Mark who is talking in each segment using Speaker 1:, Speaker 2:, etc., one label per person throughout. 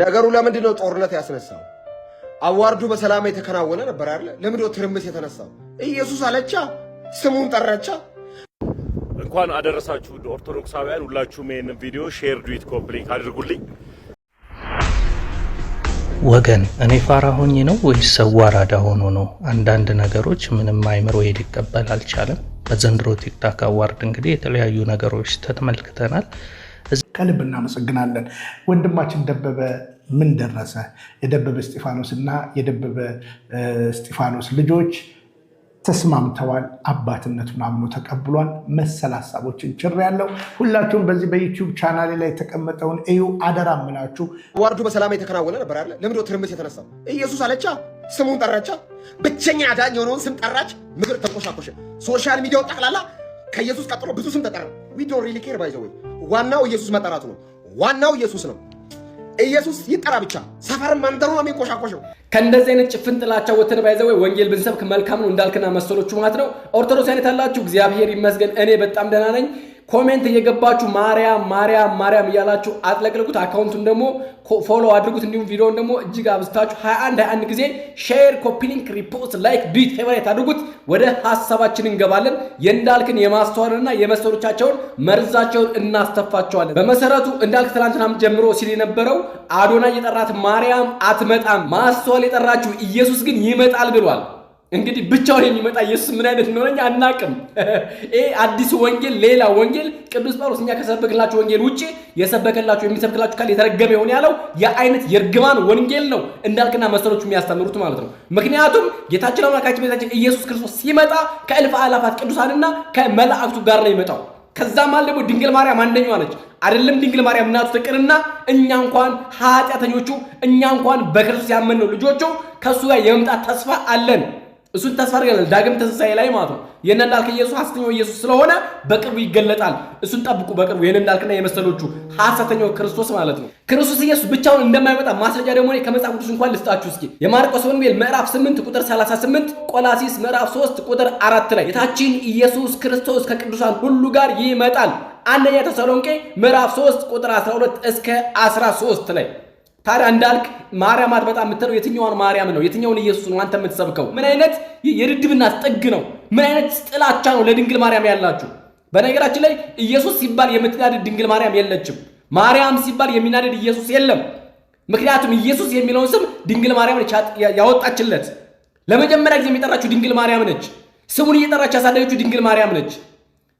Speaker 1: ነገሩ ለምንድን ነው ጦርነት ያስነሳው? አዋርዱ በሰላም የተከናወነ ነበር አይደለ? ለምንድን ነው ትርምስ የተነሳው? ኢየሱስ አለቻ፣ ስሙን ጠራቻ።
Speaker 2: እንኳን አደረሳችሁ ኦርቶዶክሳውያን ሁላችሁም ይህንን ቪዲዮ ሼር፣ ዱዊት፣ ኮምፕሊት አድርጉልኝ።
Speaker 3: ወገን እኔ ፋራ ሆኜ ነው ወይስ ሰው አራዳ ሆኖ ነው? አንዳንድ ነገሮች ምንም አይምሮ ሄድ ይቀበል አልቻለም። በዘንድሮ ቲክታክ አዋርድ እንግዲህ የተለያዩ ነገሮች ተመልክተናል።
Speaker 4: ከልብ እናመሰግናለን። ወንድማችን ደበበ ምን ደረሰ? የደበበ እስጢፋኖስ እና የደበበ እስጢፋኖስ ልጆች ተስማምተዋል። አባትነቱን አምኖ ተቀብሏል። መሰል ሀሳቦችን ችር ያለው ሁላችሁም በዚህ በዩቲዩብ ቻናሌ ላይ የተቀመጠውን እዩ። አደራ ምላችሁ
Speaker 1: ዋርዱ በሰላም የተከናወነ ነበር አለ። ለምንድነው ትርምስ የተነሳ? ኢየሱስ አለቻ፣ ስሙን ጠራቻ፣ ብቸኛ አዳኝ የሆነውን ስም ጠራች። ምድር ተቆሻቆሸ። ሶሻል ሚዲያው ጠቅላላ ከኢየሱስ ቀጥሎ ብዙ ስም ተጠራ። ዊ ዶንት ሪሊ ኬር ባይ ዘ ወይ ዋናው ኢየሱስ መጠራቱ ነው። ዋናው ኢየሱስ ነው። ኢየሱስ ይጠራ ብቻ ሰፈር መንደሩ ነው የሚንቆሻቆሸው። ከእንደዚህ አይነት ጭፍን ጥላቻ ወተን ባይዘው ወይ ወንጌል ብንሰብክ መልካም ነው እንዳልክና መሰሎቹ ማለት ነው። ኦርቶዶክስ አይነት አላችሁ። እግዚአብሔር ይመስገን እኔ በጣም ደህና ነኝ። ኮሜንት እየገባችሁ ማርያም ማርያም ማርያም እያላችሁ አጥለቅልቁት። አካውንቱን ደግሞ ፎሎ አድርጉት። እንዲሁም ቪዲዮውን ደግሞ እጅግ አብዝታችሁ 21 21 ጊዜ ሼር፣ ኮፒሊንክ፣ ሪፖርት፣ ላይክ፣ ዱት፣ ፌቨሬት አድርጉት። ወደ ሀሳባችን እንገባለን። የእንዳልክን የማስተዋልና የመሰሎቻቸውን መርዛቸውን እናስተፋቸዋለን። በመሰረቱ እንዳልክ ትናንትናም ጀምሮ ሲል የነበረው አዶና የጠራት ማርያም አትመጣም፣ ማስተዋል የጠራችሁ ኢየሱስ ግን ይመጣል ብሏል። እንግዲህ ብቻውን የሚመጣ ኢየሱስ ምን አይነት እንደሆነ እኛ አናቅም። ይሄ አዲስ ወንጌል፣ ሌላ ወንጌል ቅዱስ ጳውሎስ እኛ ከሰበክላችሁ ወንጌል ውጭ የሰበከላችሁ የሚሰብክላችሁ ካል የተረገመ ይሆን ያለው የአይነት የእርግማን ወንጌል ነው እንዳልክና መሰሎቹ የሚያስተምሩት ማለት ነው። ምክንያቱም ጌታችን አምላካችን ቤታችን ኢየሱስ ክርስቶስ ሲመጣ ከእልፍ አላፋት ቅዱሳንና ከመላእክቱ ጋር ነው ይመጣው። ከዛ ማለት ደግሞ ድንግል ማርያም አንደኛዋ ነች። አይደለም ድንግል ማርያም እናቱ ትቅርና እኛ እንኳን ኃጢአተኞቹ እኛ እንኳን በክርስቶስ ያመንነው ልጆቹ ከእሱ ጋር የመምጣት ተስፋ አለን። እሱን ተስፋ አድርገናል። ዳግም ትንሣኤ ላይ ማለት ነው። ይህን እንዳልክ ኢየሱስ ሐሰተኛው ኢየሱስ ስለሆነ በቅርቡ ይገለጣል። እሱን ጠብቁ። በቅርቡ ይህን እንዳልክና የመሰሎቹ ሐሰተኛው ክርስቶስ ማለት ነው። ክርስቶስ ኢየሱስ ብቻውን እንደማይመጣ ማስረጃ ደግሞ ከመጽሐፍ ቅዱስ እንኳን ልስጣችሁ። እስኪ የማርቆስ ወንጌል ምዕራፍ 8 ቁጥር 38፣ ቆላሲስ ምዕራፍ 3 ቁጥር 4 ላይ የታችን ኢየሱስ ክርስቶስ ከቅዱሳን ሁሉ ጋር ይመጣል። አንደኛ ተሰሎንቄ ምዕራፍ 3 ቁጥር 12 እስከ 13 ላይ ታዲያ እንዳልክ ማርያም አትመጣ የምትለው የትኛዋን ማርያም ነው? የትኛውን ኢየሱስ ነው አንተ የምትሰብከው? ምን አይነት የድድብና ጥግ ነው? ምን አይነት ጥላቻ ነው ለድንግል ማርያም ያላችሁ? በነገራችን ላይ ኢየሱስ ሲባል የምትናደድ ድንግል ማርያም የለችም። ማርያም ሲባል የሚናደድ ኢየሱስ የለም። ምክንያቱም ኢየሱስ የሚለውን ስም ድንግል ማርያም ነች ያወጣችለት። ለመጀመሪያ ጊዜ የሚጠራችሁ ድንግል ማርያም ነች። ስሙን እየጠራች ያሳደገችው ድንግል ማርያም ነች።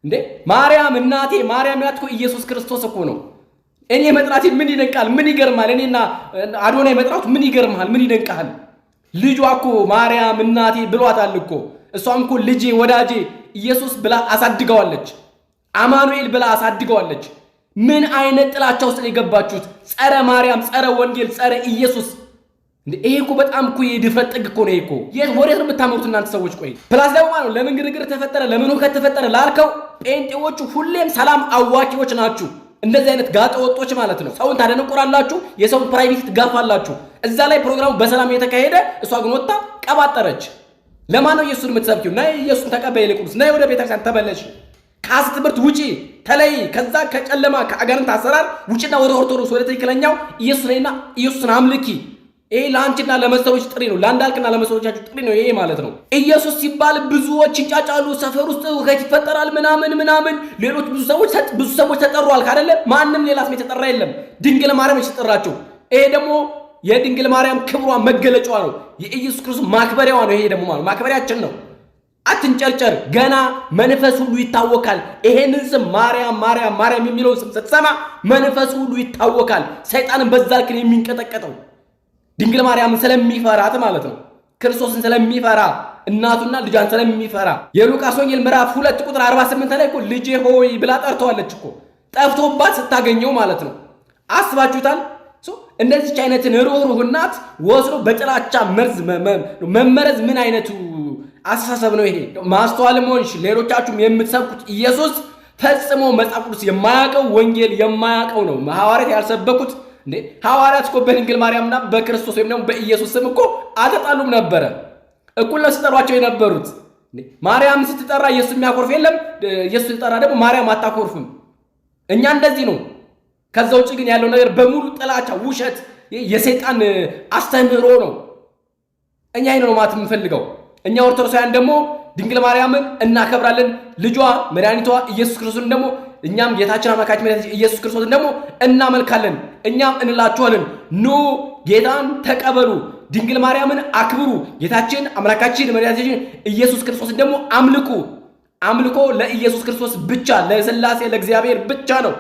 Speaker 1: እንዴ ማርያም እናቴ ማርያም ያትኮ ኢየሱስ ክርስቶስ እኮ ነው። እኔ መጥራቴ ምን ይደንቃል? ምን ይገርማል? እኔና አዶናይ መጥራቱ ምን ይገርማል? ምን ይደንቃል? ልጇ እኮ ማርያም እናቴ ብሏታል እኮ እሷም እኮ ልጄ ወዳጄ ኢየሱስ ብላ አሳድገዋለች። አማኑኤል ብላ አሳድገዋለች። ምን አይነት ጥላቻ ውስጥ ነው የገባችሁት? ጸረ ማርያም፣ ጸረ ወንጌል፣ ጸረ ኢየሱስ። ይሄ እኮ በጣም እኮ የድፍረት ጥግ እኮ ነው። ይሄ እኮ ወዴት ነው የምታመሩት እናንተ ሰዎች? ቆይ ፕላስ ደግሞ ነው ለምን ግርግር ተፈጠረ፣ ለምን ሁከት ተፈጠረ ላልከው ጴንጤዎቹ ሁሌም ሰላም አዋቂዎች ናችሁ። እንደዚህ አይነት ጋጠ ወጦች ማለት ነው። ሰውን ታደነቁራላችሁ፣ የሰውን ፕራይቬት ትጋፋላችሁ። እዛ ላይ ፕሮግራሙ በሰላም የተካሄደ እሷ ግን ወጣ ቀባጠረች። ለማን ነው ኢየሱስን የምትሰብኪው? ናይ ኢየሱስን ተቀበይ፣ ይልቁንስ ናይ ወደ ቤተክርስቲያን ተመለሽ፣ ከሐሰት ትምህርት ውጪ ተለይ፣ ከዛ ከጨለማ ከአጋንንት አሰራር ውጪና ወደ ኦርቶዶክስ ወደ ትክክለኛው ኢየሱስንና ኢየሱስን አምልኪ። ይሄ ለአንቺና ለመሰሎች ጥሪ ነው። ለአንዳልክና ለመሰሎቻችሁ ጥሪ ነው ይሄ ማለት ነው። ኢየሱስ ሲባል ብዙዎች ይጫጫሉ ሰፈር ውስጥ ውከት ይፈጠራል፣ ምናምን ምናምን። ሌሎች ብዙ ሰዎች ብዙ ሰዎች ተጠሯል ካደለ ማንም ሌላ ስም የተጠራ የለም። ድንግል ማርያም የተጠራቸው። ይሄ ደግሞ የድንግል ማርያም ክብሯ መገለጫዋ ነው። የኢየሱስ ክርስቶስ ማክበሪያዋ ነው። ይሄ ደግሞ ማለት ማክበሪያችን ነው። አትንጨርጨር። ገና መንፈስ ሁሉ ይታወካል። ይሄንን ስም ማርያም ማርያም ማርያም የሚለውን ስም ስትሰማ መንፈስ ሁሉ ይታወካል። ሰይጣንን በዛ ልክ ነው የሚንቀጠቀጠው። ድንግል ማርያም ስለሚፈራት ማለት ነው። ክርስቶስን ስለሚፈራ እናቱና ልጇን ስለሚፈራ የሉቃስ ወንጌል ምዕራፍ ሁለት ቁጥር 48 ላይ እኮ ልጄ ሆይ ብላ ጠርተዋለች እኮ ጠፍቶባት ስታገኘው ማለት ነው። አስባችሁታል? እንደዚች አይነትን ርኅሩኅ እናት ወስዶ በጥላቻ መርዝ መመረዝ ምን አይነቱ አስተሳሰብ ነው ይሄ? ማስተዋልም ሆንሽ ሌሎቻችሁም የምትሰብኩት ኢየሱስ ፈጽሞ መጽሐፍ ቅዱስ የማያውቀው ወንጌል የማያውቀው ነው። ሐዋርያት ያልሰበኩት እንዴ ሐዋርያት እኮ በድንግል ማርያምና በክርስቶስ ወይም ደግሞ በኢየሱስ ስም እኮ አልተጣሉም ነበረ። እኩል ነው ሲጠሯቸው የነበሩት። ማርያም ስትጠራ ኢየሱስ የሚያኮርፍ የለም። ኢየሱስ ሲጠራ ደግሞ ማርያም አታኮርፍም። እኛ እንደዚህ ነው። ከዛ ውጭ ግን ያለው ነገር በሙሉ ጥላቻ፣ ውሸት፣ የሰይጣን አስተምህሮ ነው። እኛ ይሄን ነው ማለት የምንፈልገው። እኛ ኦርቶዶክሳውያን ደግሞ ድንግል ማርያምን እናከብራለን። ልጇ መድኃኒቷ ኢየሱስ ክርስቶስን ደግሞ እኛም ጌታችን አምላካችን መድኃኒታችን ኢየሱስ ክርስቶስን ደግሞ እናመልካለን። እኛም እንላችኋለን ኑ ጌታን ተቀበሉ፣ ድንግል ማርያምን አክብሩ፣ ጌታችን አምላካችን መድኃኒታችን ኢየሱስ ክርስቶስን ደግሞ አምልኩ። አምልኮ ለኢየሱስ ክርስቶስ ብቻ ለስላሴ ለእግዚአብሔር ብቻ ነው።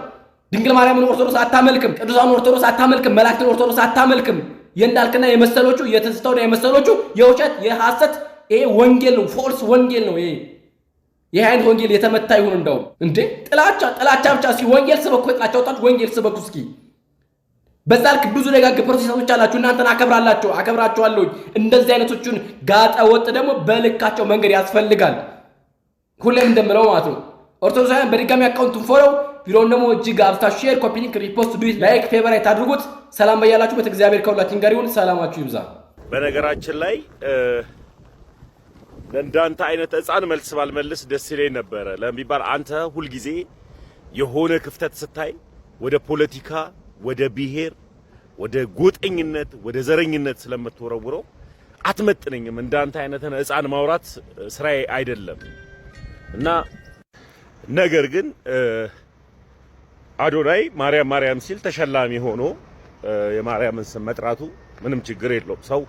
Speaker 1: ድንግል ማርያምን ኦርቶዶክስ አታመልክም። ቅዱሳን ኦርቶዶክስ አታመልክም። መላእክትን ኦርቶዶክስ አታመልክም። የእንዳልክና የመሰሎቹ የተስተውና የመሰሎቹ የውሸት የሐሰት ይሄ ወንጌል ነው። ፎልስ ወንጌል ነው ይሄ ይህ አይነት ወንጌል የተመታ ይሁን። እንደውም እንዴ ጥላቻ ጥላቻ ብቻ ሲ ወንጌል ስበኩ ጥላቻ ወጣችሁ ወንጌል ስበኩ እስኪ። በዛ ልክ ብዙ ደጋግ ፕሮቴስታንቶች አላችሁ። እናንተን አከብራላችሁ አከብራችኋለሁ። እንደዚህ አይነቶቹን ጋጠ ወጥ ደግሞ በልካቸው መንገድ ያስፈልጋል። ሁሌም እንደምለው ማለት ነው። ኦርቶዶክሳውያን በድጋሚ አካውንቱን ፎሎው ቪዲዮውን ደግሞ እጅግ አብስታ ሼር፣ ኮፒ ሊንክ፣ ሪፖስት፣ ዱት፣ ላይክ፣ ፌቨራይት አድርጉት። ሰላም በያላችሁበት እግዚአብሔር ከሁላችን ጋር ይሁን። ሰላማችሁ ይብዛ።
Speaker 5: በነገራችን ላይ ለእንዳንተ አይነት ህፃን መልስ ባልመልስ ደስ ይለኝ ነበረ ለሚባል አንተ ሁልጊዜ የሆነ ክፍተት ስታይ ወደ ፖለቲካ፣ ወደ ብሔር፣ ወደ ጎጠኝነት፣ ወደ ዘረኝነት ስለምትወረውረው አትመጥነኝም። እንዳንተ አይነትን ህፃን ማውራት ስራዬ አይደለም እና ነገር ግን አዶናይ ማርያም ማርያም ሲል ተሸላሚ ሆኖ የማርያምን ስም መጥራቱ ምንም ችግር የለውም። ሰው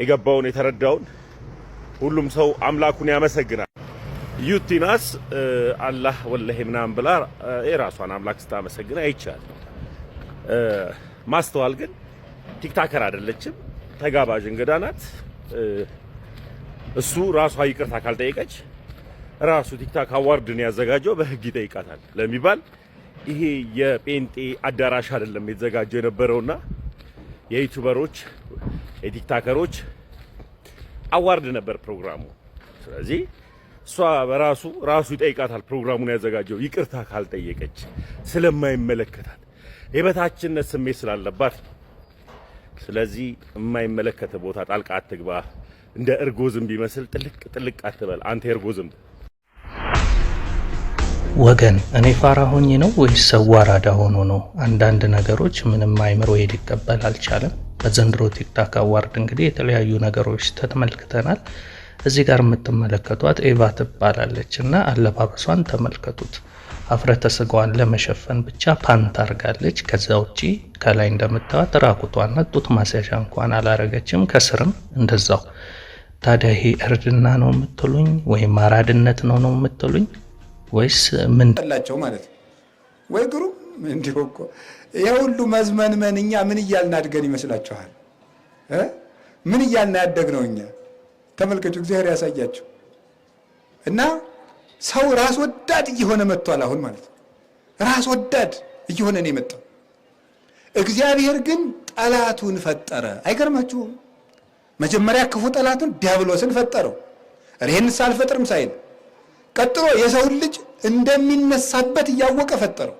Speaker 5: የገባውን የተረዳውን ሁሉም ሰው አምላኩን ያመሰግናል። ዩቲናስ አላህ ወለህ ምናምን ብላ የራሷን አምላክ ስታመሰግን አይቻል። ማስተዋል ግን ቲክታከር አይደለችም፣ ተጋባዥ እንግዳ ናት። እሱ ራሷ ይቅርታ ካልጠየቀች ራሱ ቲክታክ አዋርድን ያዘጋጀው በህግ ይጠይቃታል ለሚባል ይሄ የጴንጤ አዳራሽ አይደለም የተዘጋጀው የነበረውና የዩቲዩበሮች የቲክታከሮች አዋርድ ነበር ፕሮግራሙ። ስለዚህ እሷ በራሱ ራሱ ይጠይቃታል ፕሮግራሙን ያዘጋጀው ይቅርታ ካልጠየቀች ስለማይመለከታት የበታችነት ስሜት ስላለባት። ስለዚህ የማይመለከት ቦታ ጣልቃ አትግባ። እንደ እርጎ ዝንብ ቢመስል ጥልቅ ጥልቅ አትበል። አንተ የእርጎ ዝንብ
Speaker 3: ወገን፣ እኔ ፋራ ሆኜ ነው ወይስ ሰው አራዳ ሆኖ ነው? አንዳንድ ነገሮች ምንም አይምሮ ሄድ ይቀበል አልቻለም። በዘንድሮ ቲክታክ አዋርድ እንግዲህ የተለያዩ ነገሮች ተመልክተናል። እዚህ ጋር የምትመለከቷት ኤቫ ትባላለች እና አለባበሷን ተመልከቱት። አፍረተ ስጋዋን ለመሸፈን ብቻ ፓንት አርጋለች። ከዛ ውጪ ከላይ እንደምታዩት ራቁቷና ጡት ማስያዣ እንኳን አላረገችም። ከስርም እንደዛው። ታዲያ ይሄ እርድና ነው የምትሉኝ ወይም አራድነት ነው ነው የምትሉኝ ወይስ
Speaker 6: ምንላቸው ማለት ወይ ግሩም እንዲሁ እኮ ይሄ ሁሉ መዝመንመን እኛ ምን እያልን አድገን ይመስላችኋል? ምን እያልን ያደግ ነው እኛ? ተመልከቱ፣ እግዚአብሔር ያሳያችሁ እና ሰው ራስ ወዳድ እየሆነ መጥቷል። አሁን ማለት ራስ ወዳድ እየሆነ ነው የመጣው። እግዚአብሔር ግን ጠላቱን ፈጠረ። አይገርማችሁም? መጀመሪያ ክፉ ጠላቱን ዲያብሎስን ፈጠረው። ይህንስ አልፈጥርም ሳይል ቀጥሎ የሰውን ልጅ እንደሚነሳበት እያወቀ ፈጠረው።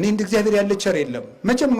Speaker 6: እኔ እንደ እግዚአብሔር ያለ ቸር የለም መቼም ኖሮ